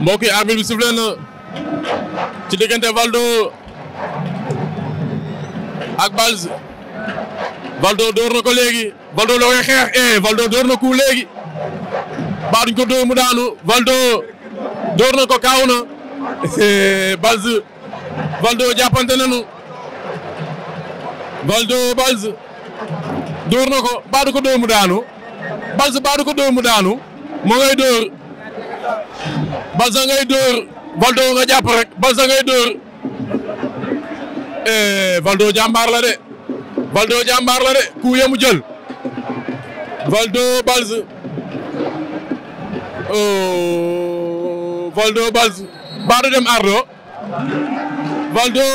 mbokk yi arbitre bi sifflé na ci diggante Valdo ak Balz Valdo door na ko léegi Valdo la koy eh, door na ko léegi baa duñ ko dóor mu daanu Valdo door na ko kaaw na eh, Balz Valdo jàppante nañu Valdo Balz door na ko baa ko dóor mu daanu Balz baa ko dóor daanu moo ngay Balsa ngay dóor Valdo nga jàpp rek Balsa ngay dóor eh, Valdo jàmbaar la de Valdo jàmbaar la de ku yemu jël Valdo Balsa oh Valdo Balsa baa du dem Ardo Valdo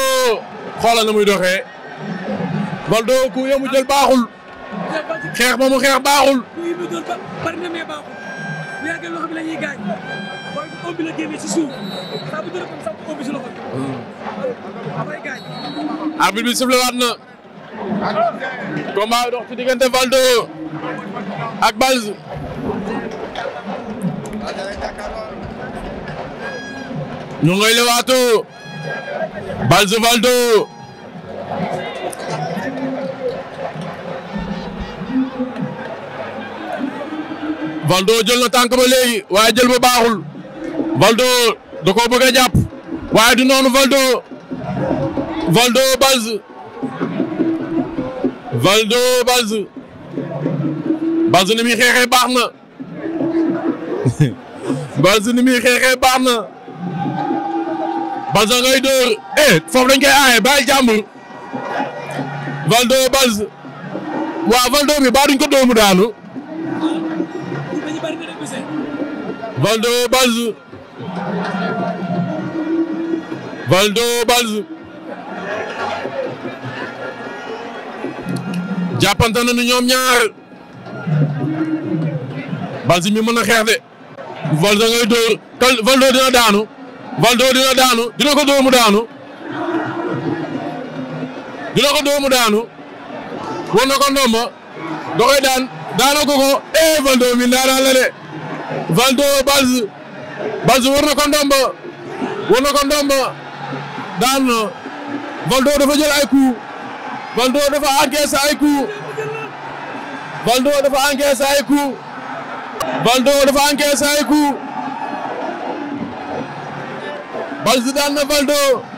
xoolal na muy doxee Valdo ku yemu jël baaxul xeex ba mu xeex baaxul. bu yàggee loxo bi la ñuy gaañ mooy bu ëmb la génnee ci suuf saa bu dërëm sax bu ëmb ci loxo bi. Hmm. dafay gaañ. arbitre bi sifflé waat na. combat dox ci diggante Valdo ak Balz. ñu ngi lay leewaatu Balz Valdo. Valdo jël na tànk ba léegi waaye jël ma baaxul Valdo da koo bëgg a jàpp waaye du noonu Valdo Valdo Balz Valdo Balz Balz ni muy xeexee baax na Balz ni muy xeexee baax na Balz ngay dóor eh foofu dañ koy aaye bàyyi jàmbur Valdo Balz waaw Valdo bi baa duñ ko dóomu Valdo Balzu Valdo Balzu jàppante nañu ñoom ñaar Balzu mi mën a xeex de Valdo ngay dina daanu Valdo dina daanu dina ko dóor daanu dina ko dóor daanu woon na ko daan daana ko ko eh Valdo mi ndaanaan la de Valdo Baz Baz war na ko ndomba war na ko daan na Valdo dafa dafa encaissé ay coup dafa encaissé ay coup Valdo dafa encaissé ay coup daan na Valdo